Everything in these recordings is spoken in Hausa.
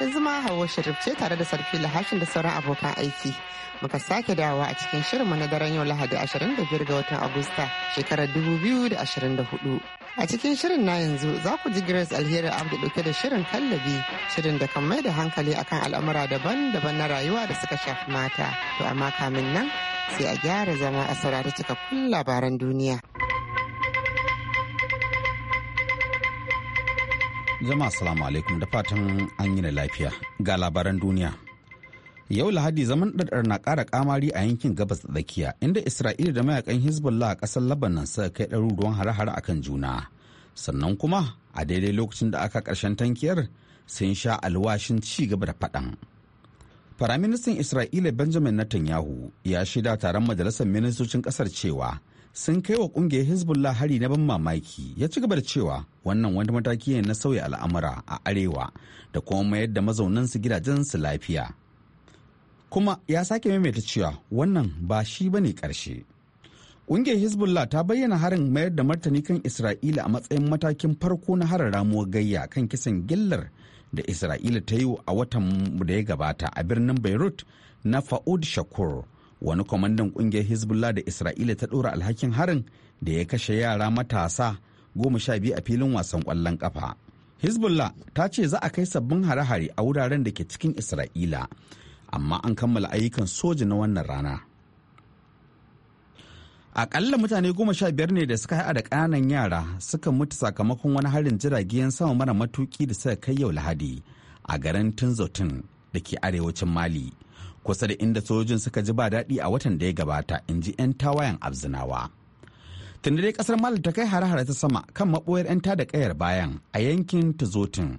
yanzu ma hawa sharif ce tare da sarki lahashin da sauran abokan aiki muka sake dawowa a cikin shirinmu na daren yau lahadi 25 ga watan agusta shekarar 2024 a cikin shirin na yanzu za ku ji grace alheri abdu dauke da shirin kallabi shirin da kan mai da hankali akan al'amura daban-daban na rayuwa da suka shafi mata to amma kamin nan sai a gyara zama a saurari cikakkun labaran duniya. Jama'a salamu alaikum da fatan an yi da lafiya ga labaran duniya. Yau Lahadi zaman ɗaɗɗar na ƙara ƙamari a yankin gabas da tsakiya inda Isra'ila da mayakan Hezbollah a ƙasar Lebanon suka kai ɗaruruwan hare-hare kan juna. Sannan kuma a daidai lokacin da aka ƙarshen tankiyar sun sha alwashin ci gaba da faɗan. Firaministan Isra'ila Benjamin Netanyahu ya shaida taron majalisar ministocin ƙasar cewa sun kai wa kungiyar hezbollah hari na ban mamaki ya ci gaba da cewa wannan wani mataki ne na sauya al'amura a arewa da kuma mayar da mazaunan su gidajen su lafiya kuma ya sake maimaita cewa wannan ba shi ba ne ƙarshe ƙungiyar hezbollah ta bayyana harin mayar da martani kan isra'ila a matsayin matakin farko na harin ramuwar gayya kan kisan gillar da isra'ila ta yi a watan da ya gabata a birnin beirut na fa'ud shakur wani kwamandan kungiyar hezbollah da isra'ila ta ɗora alhakin harin da ya kashe yara matasa goma sha biyu a filin wasan kwallon ƙafa hezbollah ta ce za a kai sabbin hare-hare a wuraren da ke cikin isra'ila amma an kammala ayyukan soja na wannan rana akalla mutane goma sha biyar ne da suka haɗa da ƙananan yara suka mutu sakamakon wani harin jiragen sama mara matuki da suka kai yau lahadi a garin tunzotun da ke arewacin mali kusa da inda sojojin suka ji ba daɗi a watan da ya gabata in ji 'yan tawayen abzinawa tunda dai kasar mali ta kai hare-hare ta sama kan maɓoyar 'yan da kayar bayan a yankin tuzotin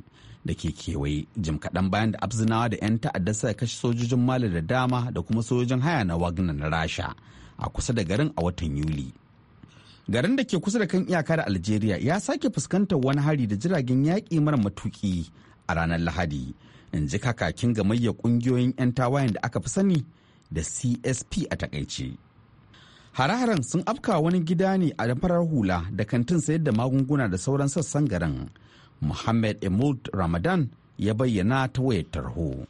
da ke kewaye jim kaɗan bayan da abzinawa da 'yan ta'adda suka kashe sojojin mali da dama da kuma sojojin haya na wagner na rasha a kusa da garin a watan yuli garin da ke kusa da kan iyaka da algeria ya sake fuskantar wani hari da jiragen yaƙi mara matuƙi a ranar lahadi in ji kakakin gamayyar kungiyoyin 'yan tawayen da aka fi sani da csp a takaice hare-haren sun afka wani gida ne a farar hula da kantin sayar da magunguna da sauran sassan garin muhammad emud ramadan ya bayyana ta wayar tarho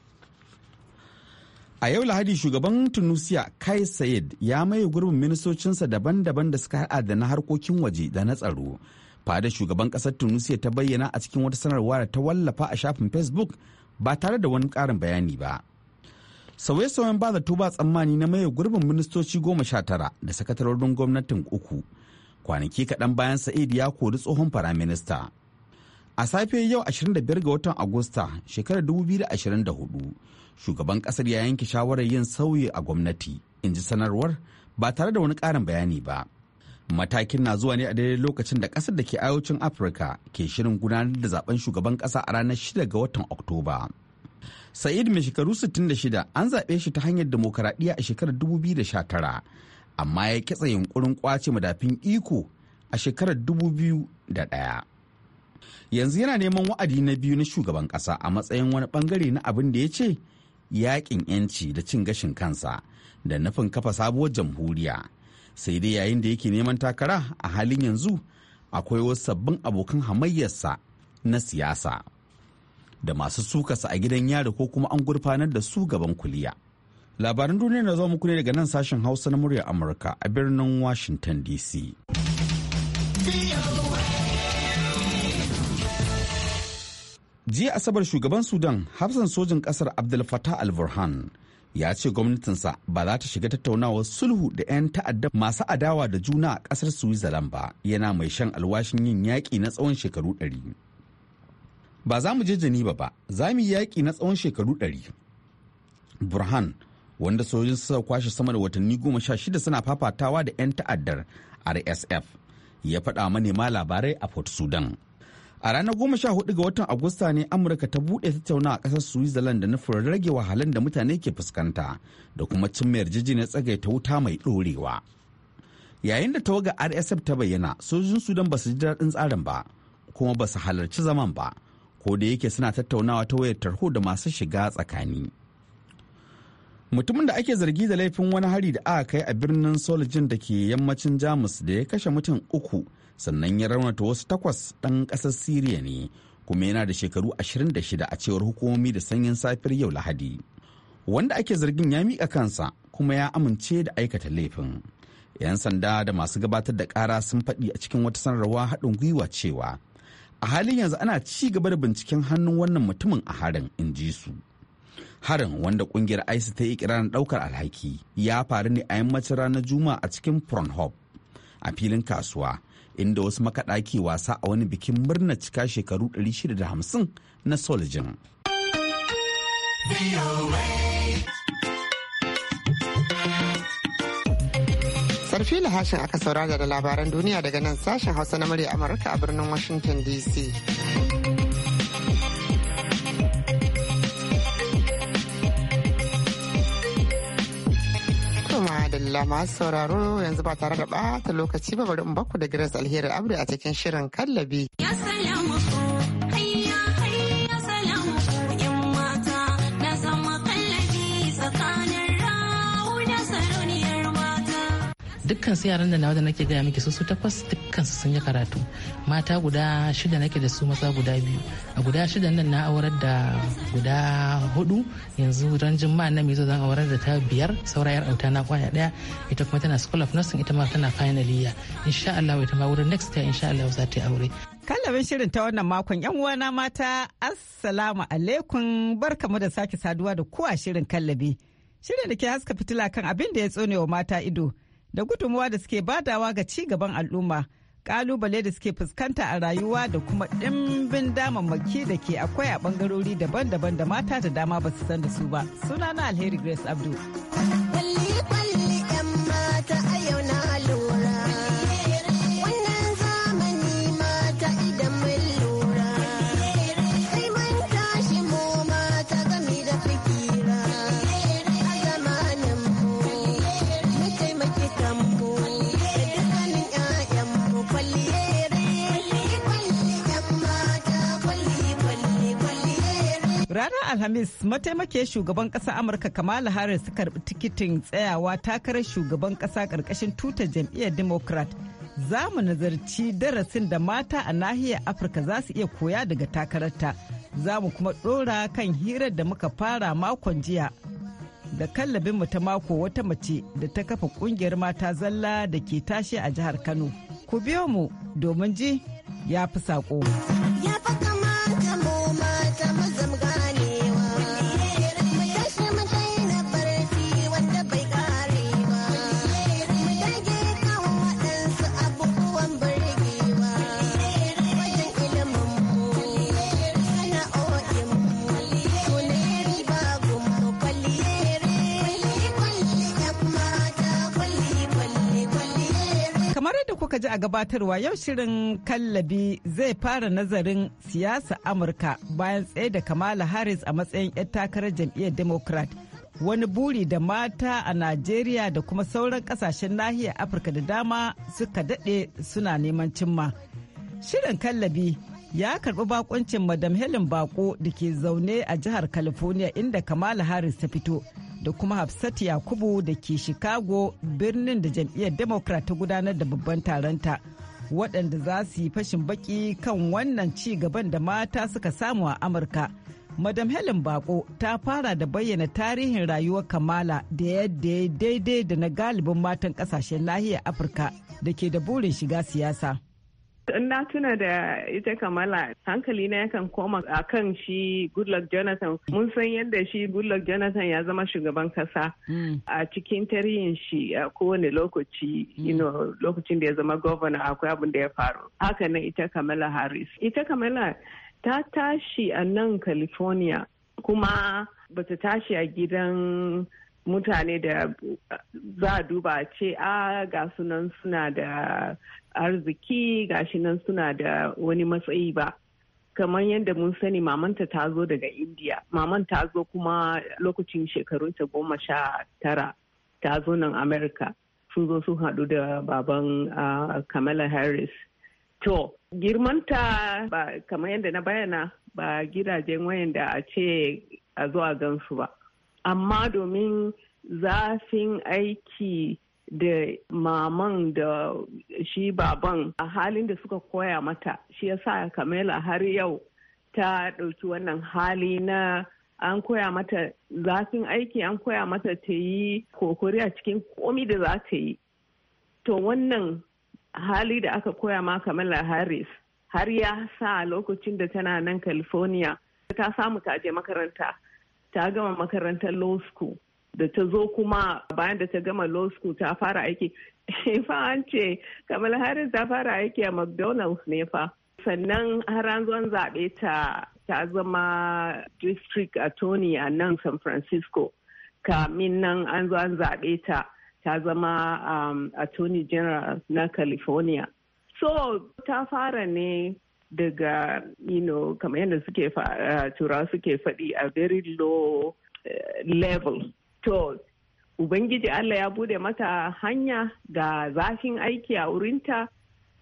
a yau lahadi shugaban tunisia kai ya maye gurbin ministocinsa daban-daban da suka haɗa da na harkokin waje da na tsaro fada shugaban ƙasar tunisia ta bayyana a cikin wata sanarwa da ta wallafa a shafin facebook ba tare da wani karin bayani ba sauye-sauyen ba zato ba tsammani na maye gurbin ministoci goma sha tara da sakatarorin gwamnatin uku kwanaki kaɗan bayan sa'id ya kori tsohon firaminista a safe yau 25 ga watan agusta shekarar 2024 shugaban ƙasar ya yanke shawarar yin sauyi a gwamnati in ji sanarwar ba tare da wani ƙarin bayani ba matakin na zuwa ne a daidai lokacin da ƙasar da ke arewacin afirka ke shirin gudanar da zaben shugaban ƙasa a ranar 6 ga watan oktoba sa'id mai shekaru 66 an zaɓe shi ta hanyar demokaradiyya a shekarar 2019 amma ya kitsa yunkurin kwace madafin iko a shekarar 2001 yanzu yana neman wa'adi na biyu na shugaban ƙasa a matsayin wani bangare na abin da ya ce yaƙin 'yanci da cin gashin kansa da nufin kafa sabuwar jamhuriya sai dai yayin da yake neman takara a halin yanzu akwai wasu sabbin abokan hamayyarsa na siyasa da masu sukasa a gidan yari ko kuma an gurfanar da su gaban kuliya labaran duniya na zo muku ne daga nan sashen hausa na muryar amurka a birnin washington dc jiya asabar shugaban sudan hafsan sojin kasar abdul fatah al-burhan ya ce gwamnatinsa ba za ta shiga tattaunawar sulhu da 'yan ta'adda masu adawa da juna a kasar switzerland ba yana mai shan alwashin yin yaƙi na tsawon shekaru 100 ba za mu je Geneva ba za mu yi yaƙi na tsawon shekaru 100 burhan wanda sojin suka kwashe sama da watanni goma sha shida suna fafatawa da 'yan ta'addar rsf ya faɗa manema labarai a port sudan A ranar goma sha hudu ga watan Agusta ne Amurka ta buɗe tattauna a ƙasar Switzerland da nufin rage wahalan da mutane ke fuskanta da kuma cimma tsagai ta wuta mai ɗorewa. Yayin da tawaga RSF ta bayyana, sojin Sudan ba su ji daɗin tsarin ba, kuma ba su halarci zaman ba, ko da yake suna tattaunawa ta wayar tarho da masu shiga tsakani. Mutumin da ake zargi da laifin wani hari da aka kai a birnin Solijin da ke yammacin Jamus da ya kashe mutum uku sannan ya raunata wasu takwas ɗan ƙasar siriya ne kuma yana da shekaru 26 a cewar hukumomi da sanyin safiyar yau lahadi wanda ake zargin ya miƙa kansa kuma ya amince da aikata laifin 'yan sanda da masu gabatar da ƙara sun faɗi a cikin wata sanarwa haɗin gwiwa cewa a halin yanzu ana ci gaba da binciken hannun wannan mutumin a harin in ji su harin wanda kungiyar isis ta yi kiran ɗaukar alhaki ya faru ne a yammacin ranar juma'a a cikin pornhub a filin kasuwa inda wasu makaɗa ke wasa a wani bikin murna cika shekaru 650 na solijin. Sarfi lahashin aka saurara da labaran duniya daga nan sashen hausa na murya Amurka a birnin Washington DC. madalla masu sauraro yanzu ba tare da ɓata lokaci ba bari in baku da Grace Alheri Abdu a cikin shirin kallabi. dukkan su yaran da nawa da nake gaya miki su su takwas dukkan su sun yi karatu mata guda shida nake da su maza guda biyu a guda shida nan na aurar da guda hudu yanzu ran jimma na mizo zan aurar da ta biyar saura yar auta na kwaya daya ita kuma tana school of nursing ita ma tana final year insha Allah ita ma wurin next year insha Allah za ta yi aure kallabin shirin ta wannan makon yan uwana mata assalamu alaikum barkamu da sake saduwa da kowa shirin kallabi shirin da ke haska fitila kan abin da ya tsonewa mata ido da gudunmuwa da suke badawa ga ci gaban al'umma kalubale da suke fuskanta a rayuwa da kuma ɗimbin damammaki da ke akwai a ɓangarori daban-daban da mata da dama ba su san da su ba sunana alheri grace abdul Alhamis mataimakiyar shugaban ƙasa Amurka Kamala Harris karbi tikitin tsayawa takarar shugaban ƙasa ƙarƙashin tuta jam'iyyar Democrat. Za mu nazarci darasin da mata a nahiyar Afirka za su iya koya daga takararta. Za mu kuma ɗora kan hirar da muka fara makon jiya da mu ta mako wata mace da ta kafa ƙungiyar mata zalla da ke tashi a jihar Kano. Ku biyo mu domin ji ya fi saƙo. ji a gabatarwa yau shirin kallabi zai fara nazarin siyasa Amurka bayan tsaye da Kamala Harris a matsayin 'yar takarar jam'iyyar Democrat. Wani buri da mata a Najeriya da kuma sauran kasashen nahiyar Afirka da dama suka daɗe suna neman cimma. Shirin kallabi ya karɓi bakuncin Madam Helen Bako da ke zaune a jihar California inda Kamala Harris ta fito. da kuma Hafsat Yakubu da ke Chicago birnin da jam'iyyar Democrat ta gudanar da babban taronta. waɗanda za su yi fashin baki kan wannan ci gaban da mata suka samu a Amurka. Madam Helen Bako ta fara da bayyana tarihin rayuwar Kamala da yadda ya daidai da na galibin matan ƙasashen nahiyar Afirka da ke da burin shiga siyasa. In na tuna da ita Kamala hankali na yakan koma a kan shi Goodluck Jonathan. Mun san yadda shi Goodluck Jonathan ya zama shugaban kasa hmm. a cikin tarihin shi a kowane lokaci, hmm. lokacin da ya zama governor akwai abin da ya faru. Haka na ita Kamala Harris. Ita Kamala ta tashi a nan California kuma bata tashi a gidan mutane da za a duba ce a ah, ga sunan suna da arziki gashi nan suna da wani matsayi ba kamar yadda mun sani mamanta ta zo daga indiya maman ta zo kuma lokacin shekarun ta goma sha tara ta zo nan america sun zo sun hadu da baban kamala harris to girmanta ba kamar yadda na bayana ba gidajen wayanda a ce a zo a gansu ba amma domin zafin aiki da maman da shi baban a halin da suka koya mata shi ya sa kamela har yau ta ɗauki wannan hali na an koya mata zafin aiki an koya mata ta yi kokori a cikin komi da za ta yi to wannan hali da aka koya ma kamala harris har ya sa lokacin da tana nan california ta samu ta je makaranta ta gama makarantar law school da ta zo kuma bayan da ta gama law school ta fara aiki fa an ce kamar harris ta fara aiki a mcdonald's ne fa sannan har an zuwan zaɓe ta ta zama district attorney a nan san francisco kamin nan an zo an zaɓe ta ta zama um, attorney general na california so ta fara ne daga you know kamar yadda suke uh, turawa suke faɗi a very low uh, level to ubangiji allah ya bude mata hanya ga zafin aiki a wurinta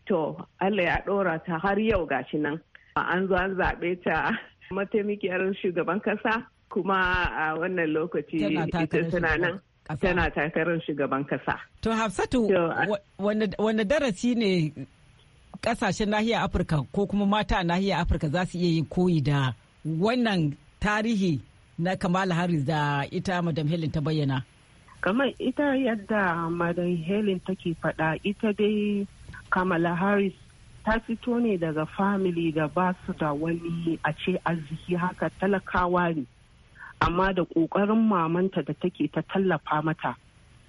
to allah ya ɗora ta har yau gashi nan an zo an zaɓe ta mataimakiyar shugaban kasa kuma a wannan lokaci ita tana nan tana takarar shugaban kasa. To Hafsatu wanda darasi ne kasashen nahiyar Afirka ko kuma mata nahiyar Afirka za su iya yin koyi da wannan tarihi na kamala harris da ita madam helen ta bayyana kamar ita yadda madam helen take faɗa ita dai kamala harris ta fito ne daga family da ba su da wani a ce arziki haka talakawa ne amma da ƙoƙarin mamanta da take ta tallafa mata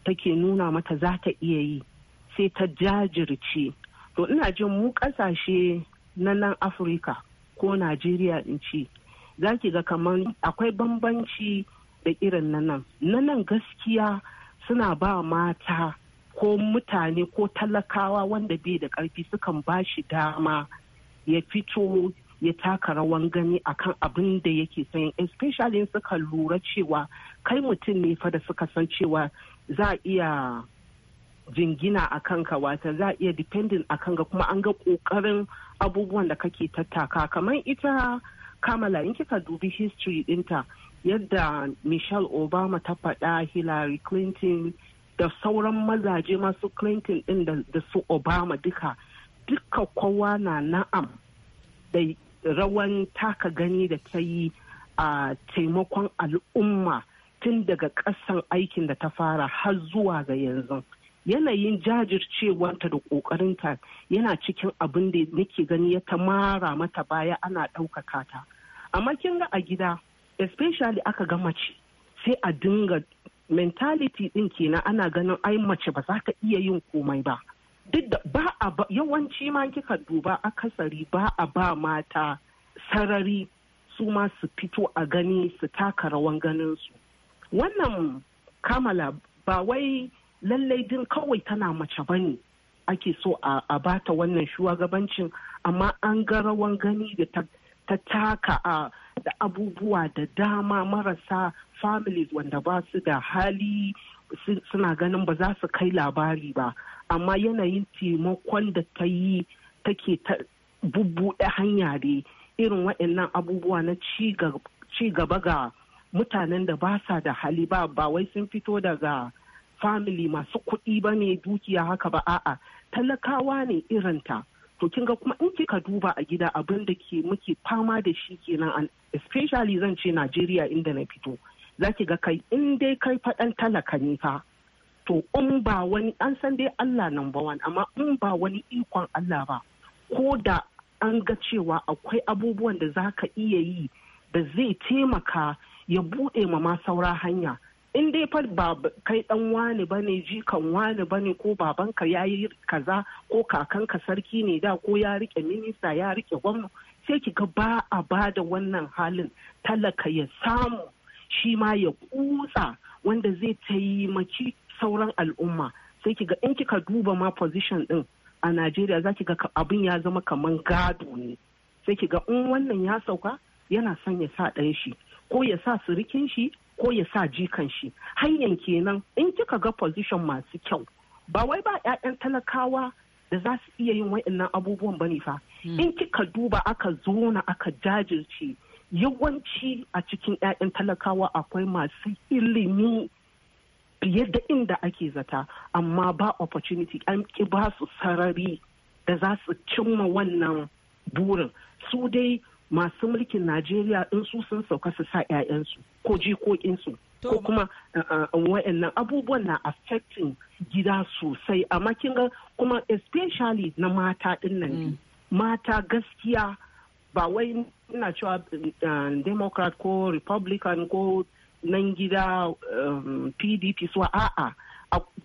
take nuna mata za ta iya yi sai ta jajirce to ina jin mu ƙasashe na nan afirka ko najeriya in ce za ki ga kamar akwai bambanci da irin na nan na nan gaskiya suna ba mata ko mutane ko talakawa wanda bai da karfi sukan ba shi dama ya fito ya taka rawan gani akan abin da yake son especially suka lura cewa kai mutum ne fa da suka san cewa za a iya jingina a kanka wata za a iya dependent a kanka kuma an ga kokarin abubuwan da kake tattaka kamar ita kamala in kika dubi history dinta yadda michelle obama ta faɗa hillary clinton da sauran mazaje masu clinton ɗin da su obama duka duka kowa na na'am da rawan taka gani da ta yi a taimakon al'umma tun daga ƙasan aikin da ta fara har zuwa ga yanzu yanayin jajircewanta da ƙoƙarinta yana cikin abin da nake gani ya ta mara mata baya ana ɗaukaka ta amma kin ga a gida especially aka ga mace sai a dinga mentality ɗin kenan ana ganin ai mace ba za ta iya yin komai ba duk da ba a ba yawanci ma kika duba akasari ba a ba mata sarari su ma su fito a gani su taka rawan ganin su wannan kamala ba wai lallai din kawai tana mace bane ake so a bata wannan shugabancin amma an ga rawan gani da ta taka a da abubuwa da dama marasa families wanda ba su da hali suna ganin ba za su kai labari ba amma yanayin taimakon da ta yi take ta bubbuɗe hanya ne irin waɗannan abubuwa na ci gaba ga mutanen da ba sa da hali ba ba wai sun fito daga family masu kuɗi ba ne dukiya haka ba a'a talakawa ne irinta to kin ga kuma in kika duba a gida abin da ke muke fama da shi kenan especially zan ce Najeriya inda na fito zaki ga kai in dai kai faɗan talaka ne fa to in ba wani an san dai Allah number one amma in ba wani ikon Allah ba ko da an ga cewa akwai abubuwan da zaka iya yi da zai taimaka ya buɗe ma ma saura hanya in dai fa ba kai dan wani bane jikan wani bane ko babanka ya yi kaza ko kakanka sarki ne da ko ya rike minista ya rike gwamna sai ki ga ba a bada wannan halin talaka ya samu shi ma ya kutsa wanda zai taimaki sauran al'umma sai ki ga in kika duba ma position din a Najeriya zaki ga abin ya zama kaman gado ne sai ki ga in wannan ya sauka yana son ya sa ɗan shi ko ya sa surikin shi ko ya sa jikan shi hanyar kenan in kika ga position masu kyau ba wai ba 'ya'yan talakawa da za su iya yin wa'annan abubuwan ba ne fa hmm. in kika duba aka zona aka jajirce yawanci a cikin 'ya'yan talakawa akwai masu ilimi fiye da inda ake zata amma ba opportunity an ki ba su sarari da za su cimma wannan burin su dai masu mulkin najeriya in su sun sauka su sa 'ya'yansu ko jikokinsu ko kuma uh, uh, wa'annan abubuwan na affecting gida sosai amma kin ga kuma especially na mata din nan mm. mata gaskiya ba wai ina cewa uh, democrat ko republican ko nan gida um, pdp suwa a'a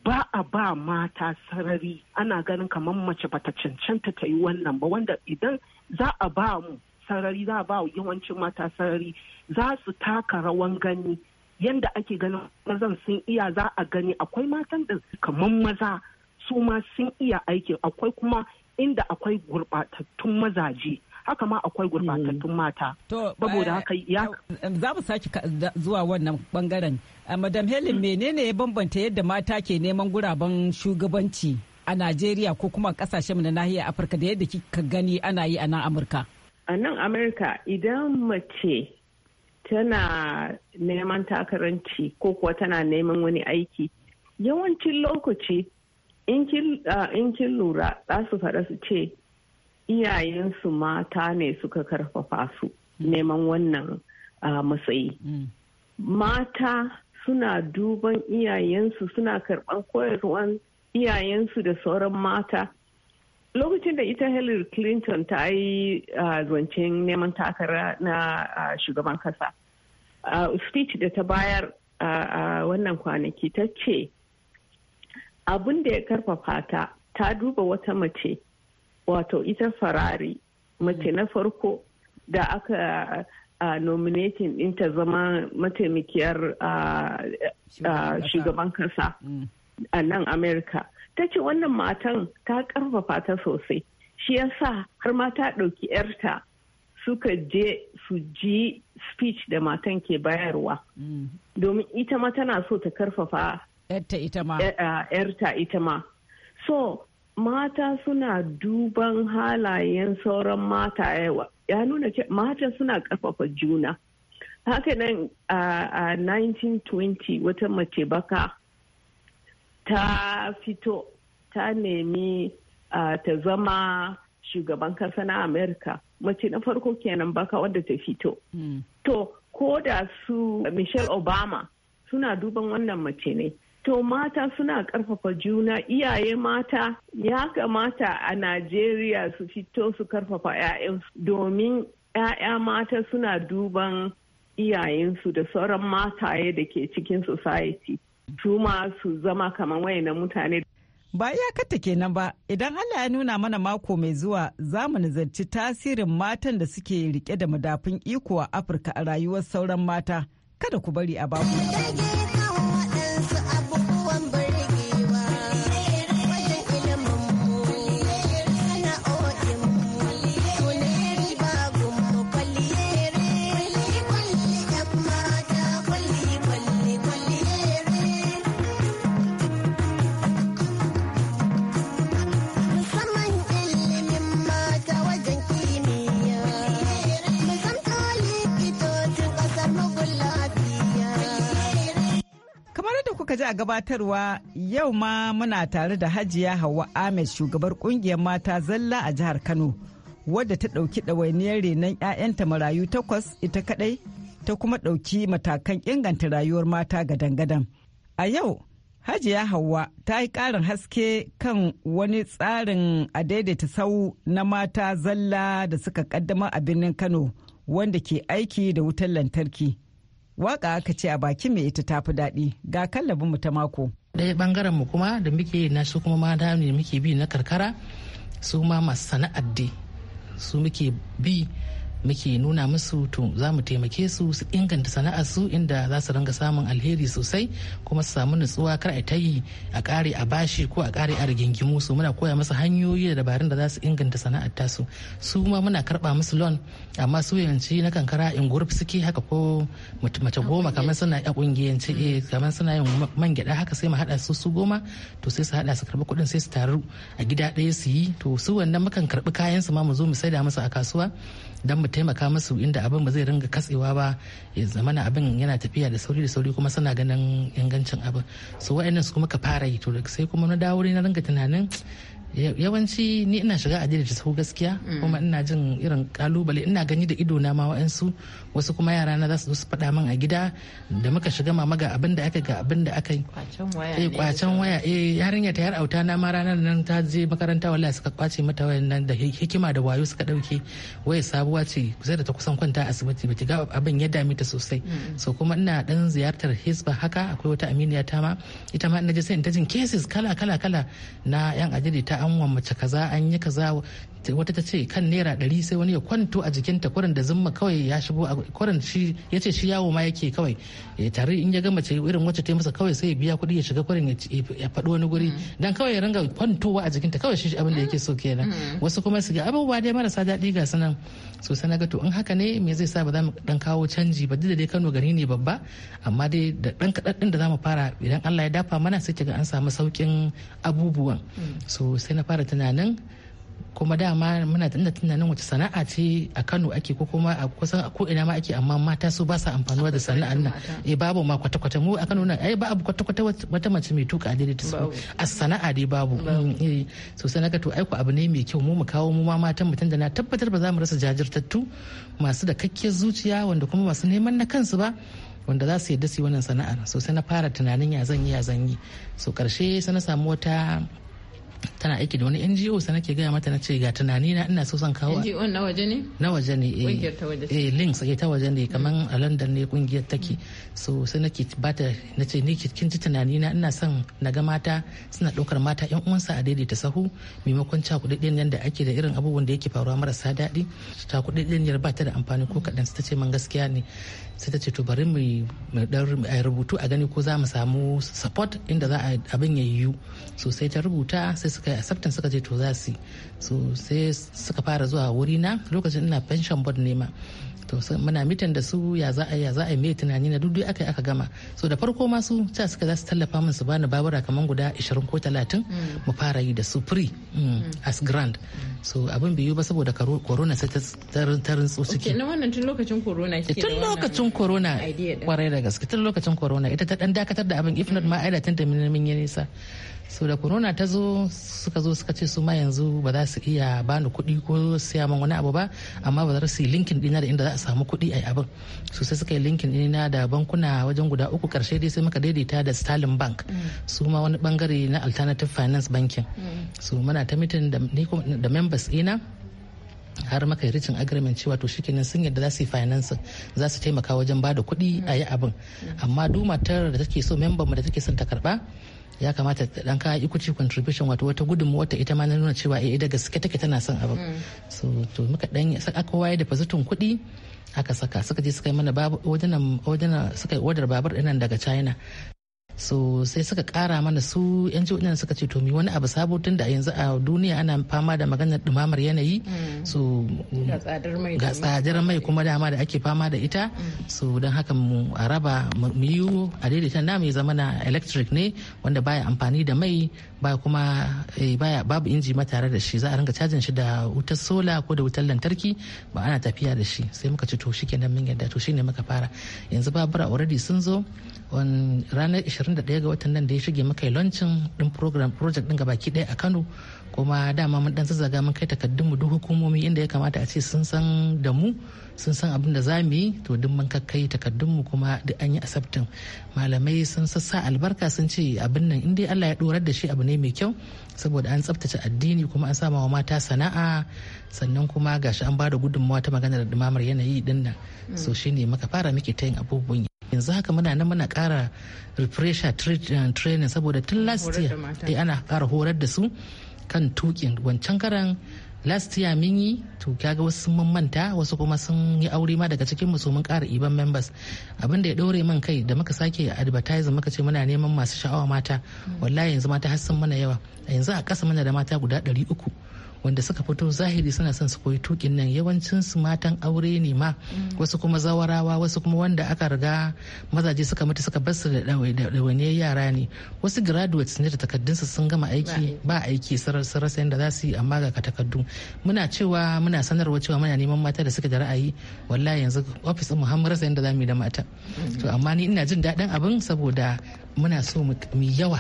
ba a ba mata sarari ana ganin kamar mace bata cancanta ta yi wannan ba wanda idan za a ba mu sarari za a ba yawancin mata sarari za su taka rawan gani yanda ake ganin mazan sun iya za a gani akwai matan da kamar maza su ma sun iya aikin akwai kuma inda akwai gurbatattun mazaje haka ma akwai gurbatattun mata saboda eh, haka ya za mu saki zuwa wannan bangaren eh, madam helen mm. menene ya bambanta yadda mata ke neman guraben shugabanci a najeriya ko kuma kasashen na nahiyar afirka da yadda kika gani ana yi a nan amurka a nan amurka idan mace tana neman takaranci ko kuwa tana neman wani aiki yawancin lokaci in kin lura za su faɗa su ce iyayensu mata ne suka karfafa su neman wannan matsayi mm. mata suna duban iyayensu suna karɓan koyarwan iyayensu da sauran mata Lokacin da ita Hillary Clinton ta yi zancen neman takara na shugaban kasa, speech da ta bayar a wannan kwanaki ta ce, abin da ya karfafa ta, ta duba wata mace, wato ita farari mace na farko da aka nominatin dinta zama mataimakiyar shugaban kasa mm. a nan amerika ta ce wannan matan ta karfafa ta sosai shi yasa har ma ta ɗauki 'yarta suka je su ji speech da matan ke bayarwa mm. domin ita ma tana so ta karfafa 'yarta ita ma so mata suna duban halayen sauran mata yawa ya nuna mata suna karfafa juna haka nan a 1920 wata mace baka ta fito ta nemi uh, ta zama shugaban kasa na amerika mace na farko kenan baka wadda ta fito mm. to ko da su michelle obama suna duban wannan mace ne to mata suna karfafa juna iyaye mata ya kamata a najeriya su fito su karfafa 'ya'yansu domin 'ya'ya mata suna duban iyayensu da sauran mataye da ke cikin society su su zama kamar wayannan mutane. Ba iyakarta kenan ba, idan Allah ya nuna mana mako mai zuwa za mu nazarci tasirin matan da suke rike da madafin iko a Afirka a rayuwar sauran mata. Kada ku bari a baku. gabatarwa yau ma muna tare da Hajiya Hauwa Ahmed shugabar kungiyar mata zalla a jihar Kano wadda ta ɗauki ɗawainiyar renon 'ya'yanta marayu takwas ita kaɗai ta kuma ɗauki matakan inganta rayuwar mata gadan-gadan. A yau, Hajiya Hauwa ta yi ƙarin haske kan wani tsarin a daidaita sau na mata zalla da suka kaddama a birnin Kano wanda ke aiki da wutar lantarki. Waka aka ce a baki mai ita tafi daɗi ga kallabin mu ta mako. Ɗaya bangaren mu kuma da muke na su kuma ma ne muke bi na karkara su ma masu sana'ar su muke bi muke nuna musu to za mu taimake su su inganta sana'ar su inda za su ranga samun alheri sosai kuma su samu nutsuwa kar a ta yi a kare a bashi ko a kare a rigingimu su muna koya musu hanyoyi da dabarun da za su inganta sana'ar tasu su ma muna karba musu loan amma su yanci na kankara in group suke haka ko mace goma kamar suna a kungiyanci mm. eh kamar suna yin man gyada haka sai mu hada su su goma to sai su hada su karbi kuɗin sai su taru a gida ɗaya su yi to su wannan mukan karbi kayan su ma mu zo mu saida musu a kasuwa dan mu taimaka musu inda abin ba zai ringa katsewa ba ya zamana abin yana tafiya da sauri da sauri kuma suna ganin ingancin abin su wa'annan su kuma ka fara yi to sai kuma na dawo na ringa tunanin yawanci ni ina shiga a daidaita sau gaskiya mm. kuma ina jin irin kalubale ina gani da ido na ma wa'ansu wasu kuma yara na za su faɗa min a gida da muka shiga mama ga abin da aka ga abin da aka yi kwacen waya eh, eh yarinya ta yar auta na ma ranar nan ta je makaranta wallahi suka kwace mata wayan nan da hikima da wayo suka dauke waya sabuwa ce kusa da ta kusan kwanta a asibiti bata ga abin ya dame ta sosai mm. so kuma ina dan ziyartar hisba haka akwai wata aminiya ta ma ita ma ina je sai in ta jin cases kala kala kala na yan ajiri ta an wa mace kaza an yi kaza wata ta ce kan naira ɗari sai wani ya kwanto a jikinta kwarin da zumma kawai ya shigo a kwarin shi ya ce shi yawo ma yake kawai eh, tare in ya gama ce irin wacce ta masa kawai sai ya biya kuɗi ya shiga kwarin ya faɗi wani guri mm. dan kawai ya ringa kwantowa a jikinta kawai shi abin da yake so kenan mm. Mm. wasu kuma su ga abubuwa dai marasa daɗi ga sanan so sana ga to in haka ne me zai sa ba za mu dan kawo canji ba duk da dai Kano gari ne babba amma dai da dan kaɗaɗɗin da za mu fara idan Allah ya dafa mana sai ga an samu sauƙin abubuwan so sai na fara tunanin kuma dama muna da tunanin wata sana'a ce a Kano ake ko kuma a kusan ko ina ma ake amma mata su ba sa amfani da sana'ar nan eh babu ma kwata kwata mu a Kano nan ai ba abu kwata kwata wata mace mai tuka daidai ta su a sana'a dai babu mm, eh so sai naga to ai ku abu ne mai kyau mu mu kawo mu ma matan mutum da na tabbatar ba za mu rasa jajirtattu masu da kakkiyar zuciya wanda kuma masu neman na kansu ba wanda za su yadda su yi wannan sana'ar so sai na fara tunanin ya zan yi ya zan yi so karshe sai na samu wata tana aiki da wani NGO sana ke gaya mata na ce ga tunani na ina so zan kawo NGO na waje ne na waje ne eh, eh links ke ta waje ne mm. kaman a London ne kungiyar take so sai nake bata na ce ni kin ji tunani na ina son na ga mata suna daukar mata yan uwansa a daidaita sahu maimakon cakuɗaɗɗen yanda ake da irin abubuwan da yake faruwa marasa daɗi cakuɗaɗɗen yar ba ta da amfani ko kaɗan ta ce man gaskiya ne sai ta ce to bari mu rubutu a gani ko za mu samu support inda za a abin ya yiwu so sai ta rubuta sai suka yi acceptance suka je to za su so sai suka fara zuwa wuri na lokacin ina pension board ne ma to muna mitan da su ya za a ya za a mai tunani na duk aka aka gama so da farko ma su ta suka za su tallafa min su bani babura kamar guda 20 ko 30 mm. mu fara yi da su free mm, mm. as grand so abin biyu ba saboda corona sai ta rintsu ciki na wannan tun lokacin corona ke tun lokacin corona kwarai da gaske tun lokacin corona ita ta dan dakatar da abin if not ma aida da mun ya nisa sau da corona ta zo suka zo suka ce su ma yanzu ba za su iya bani kuɗi ko siya man wani abu ba amma ba za su yi linkin dina da inda za a samu kuɗi a yi abin sosai suka yi linkin dina da bankuna wajen guda uku karshe dai sai muka daidaita da stalin bank mm. su ma wani bangare na alternative finance banking mm. su muna ta mitin da members ina har maka ricin agreement cewa to shikenan sun yadda za su yi financing za su taimaka wajen bada kuɗi a yi abin mm. amma duk matar da take so member mu da take son ta karba ya kamata da dan kawo equity contribution wato wata gudunmuwa wata ita ma na nuna cewa eh da gaske take tana son abin mm. so to muka dan aka waye da fazitin kuɗi aka saka suka je suka yi mana wajen suka yi odar babur dinan daga china so sai suka kara mana su yan jihohin suka ce to mi wani abu sabo tun da yanzu a duniya ana fama da maganar dumamar yanayi mm. so ga tsadar mai kuma dama da ake fama da ita mm. so don haka mu a raba mu yi a daidaita na mai zama na electric ne wanda baya amfani da mai ba kuma eh, baya babu inji ma tare da shi za a ringa cajin shi da wutar sola ko da wutar lantarki ba ana tafiya da shi sai muka ci to kenan mun yadda to shine muka fara yanzu babura already sun zo ranar 21 ga watan nan da ya shige maka lancin din program project din gabaki daya a Kano kuma dama mun dan zazzaga mun kai takardun mu duk hukumomi inda ya kamata a ce sun san da mu sun san abin da za mu yi to duk mun kakkai takardun mu kuma duk an yi asabtin malamai sun sassa albarka sun ce abin nan indai Allah ya dorar da shi abu ne mai kyau saboda an tsaftace addini kuma an sama wa mata sana'a sannan kuma gashi an bada gudunmawa ta magana maganar dumamar yanayi din nan so shine muka fara muke ta yin abubuwan yanzu haka muna nan muna kara refresher eh, training saboda tun last year eh, ana kara horar da su kan tukin wancan karan last year mun yi to kaga wasu sun manta wasu kuma sun yi aure ma daga cikin su mun ƙara iban members abin da ya dore man kai da muka sake advertising muka ce muna neman masu sha'awa mata wallahi yanzu mata har sun mana yawa yanzu a kasa mana da mata guda ɗari uku wanda suka fito zahiri suna son su koyi tukin nan yawancin su matan aure ne ma mm. wasu kuma zawarawa wasu kuma wanda aka riga mazaje suka mutu suka bar su da dawane yara ne wasu graduates ne da su sun gama aiki ba aiki sarar sarar da za su yi amma ga takardu muna cewa muna sanarwa cewa muna neman mata da suka da ra'ayi wallahi yanzu ofis mu har rasa yadda za mu yi da mata mm. to amma ni ina jin daɗin abin saboda muna so mu yawa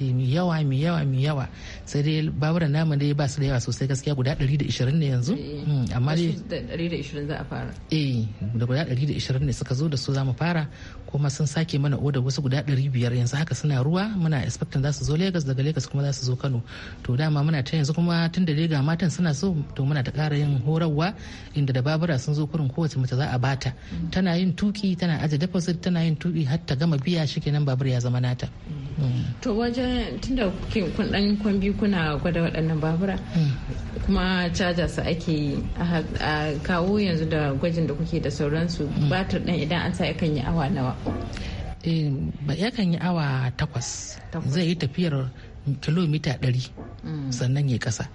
Eh, mai yawa mai yawa mai yawa sai dai babura namu dai ba su da yawa sosai gaskiya guda 120 ne yanzu eh, hmm, amma dai 120 za a fara eh da guda 120 ne suka zo da su za mu fara kuma sun sake mana oda wasu guda 500 yanzu haka suna ruwa muna expectin za su zo Lagos daga Lagos kuma za su zo Kano to dama muna ta yanzu kuma tun da dai ga matan suna so to muna ta ƙara yin horarwa inda da babura sun zo kurin kowace mace za a bata hmm. tana yin tuki tana aje deposit tana yin tuki har ta gama biya shikenan babur ya zama nata hmm. to wajen tunda kun dan kwambi kuna gwada waɗannan babura kuma caja su ake a kawo yanzu da gwajin da kuke da sauransu mm. batir ɗin idan an sa yakan yi awa nawa eh, yakan yi awa takwas zai yi tafiyar kilomita ɗari mm. sannan ya kasa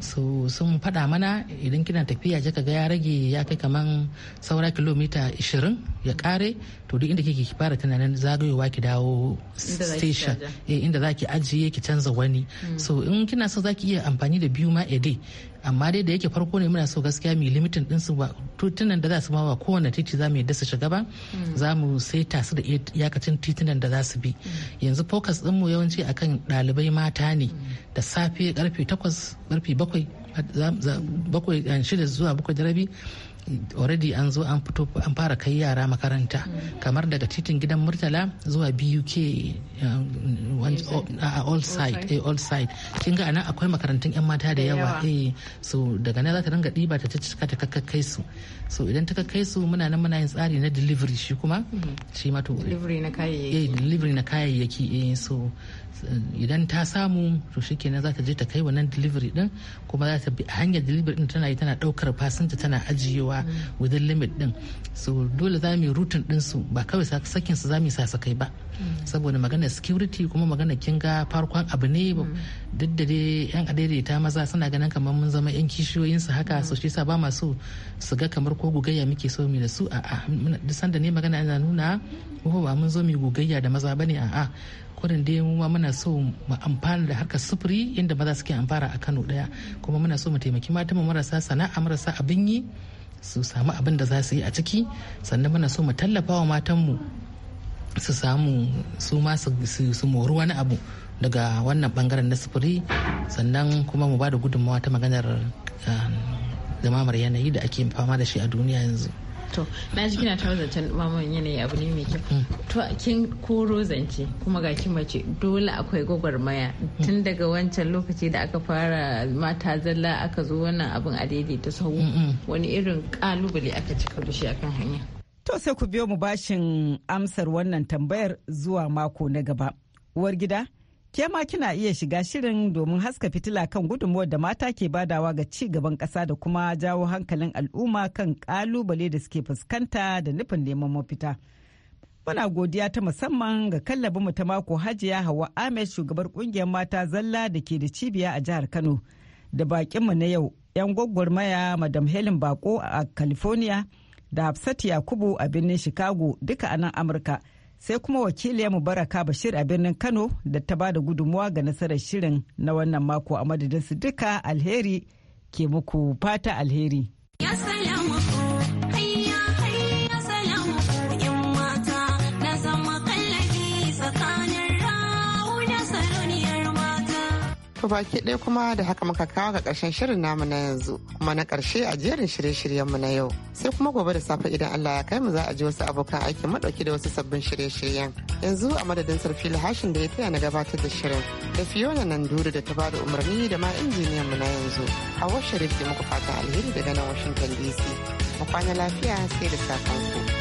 so sun fada mana idan kina tafiya kika ga ya rage ya kai kaman saura kilomita 20 ya kare to duk inda kike ki fara tunanin zagayowa ki dawo station eh, inda zaki ajiye ki canza wani mm. so in kina so zaki iya amfani da biyu ma a day amma dai da yake farko ne muna so gaskiya mai limitin ɗinsu ba titunan da za su ba kowane titi za mu yadda su shiga ba mm. za mu saita su da iyakacin titunan da za su bi mm. yanzu focus mu yawanci akan ɗalibai mata ne mm. da safe karfe takwas karfe bakwai eh, shida zuwa bakwai da rabi already an zo an fito an fara kai yara makaranta kamar daga titin gidan murtala zuwa buk um, all side uh, eh, all side kin ga anan akwai makarantun yan mata da yawa eh so daga nan za ta ringa diba ta cika ta kakkai su so idan ta kakkai su muna nan muna yin tsari na delivery shi kuma mhm. shi ma to delivery na kayayyaki eh delivery na kayayyaki eh so idan ta samu to shikenan za ta je ta kai wannan delivery din kuma za ta bi hanyar delivery din tana yi tana daukar fasinta tana ajiyewa kowa mm. within limit din so dole za mu yi rutin din su ba kawai sakin su za mu yi kai ba mm. saboda magana security kuma magana kinga farkon abu ne mm. duk da dai yan adaidaita maza suna ganin kamar mun zama yan kishiyoyin su haka so shi sa ba ma so su ga kamar ko gugayya muke so mu da su a'a duk sanda ne magana ana nuna ko ba mun zo mu gugayya da maza bane a'a kodin dai mu ma muna so mu amfana da harkar sufuri inda maza suke amfana a Kano daya kuma muna so mu taimaki mata marasa sana'a marasa abin yi su samu abin da za su yi a ciki sannan muna so mu tallafa wa matanmu su samu su ma su mori wani abu daga wannan bangaren na sufuri sannan kuma mu ba da gudunmawa ta maganar zamamar eh, yanayi da ake fama da shi a duniya yanzu to na ji kina ta zancen mamman yanayi abu ne mai kyau hmm. to kin koro zance kuma ga kin mace dole akwai gwagwarmaya hmm. tun daga wancan lokaci da aka fara mata zalla aka zo wannan abin a ta sahu hmm, wani irin kalubale aka cika da shi akan hanya to sai ku biyo mu bashin amsar wannan tambayar zuwa mako na gaba uwar gida Ke ma kina iya shiga shirin domin haska fitila kan gudunmuwar da mata ke badawa ga ci gaban ƙasa da kuma jawo hankalin al'umma kan ƙalubale da suke fuskanta da nufin neman mafita. Muna godiya ta musamman ga mu ta mako Hajiya Hawa Ahmed shugabar kungiyar mata zalla da ke da cibiya a jihar Kano da bakinmu na yau 'yan gwagwarmaya Madam Helen Bako a California da Hafsat Yakubu a birnin Chicago duka a nan Amurka. sai kuma ya mubaraka bashir a birnin kano da ta ba da gudunmuwa ga nasarar shirin na wannan mako a madadin su duka alheri ke muku fata alheri. To baki ɗaya kuma da haka muka kawo ga ƙarshen shirin namu na yanzu kuma na ƙarshe a jerin shirye-shiryenmu na yau. Sai kuma gobe da safe idan Allah ya kai mu za a ji wasu abokan aiki madauki da wasu sabbin shirye-shiryen. Yanzu a madadin sarfi hashin da ya taya na gabatar da shirin da Fiona Nanduru da ta bada umarni da ma injiniyan mu na yanzu. Hawa Sharif ke muku fatan alheri daga nan Washington DC. Mu kwana lafiya sai da safen ku.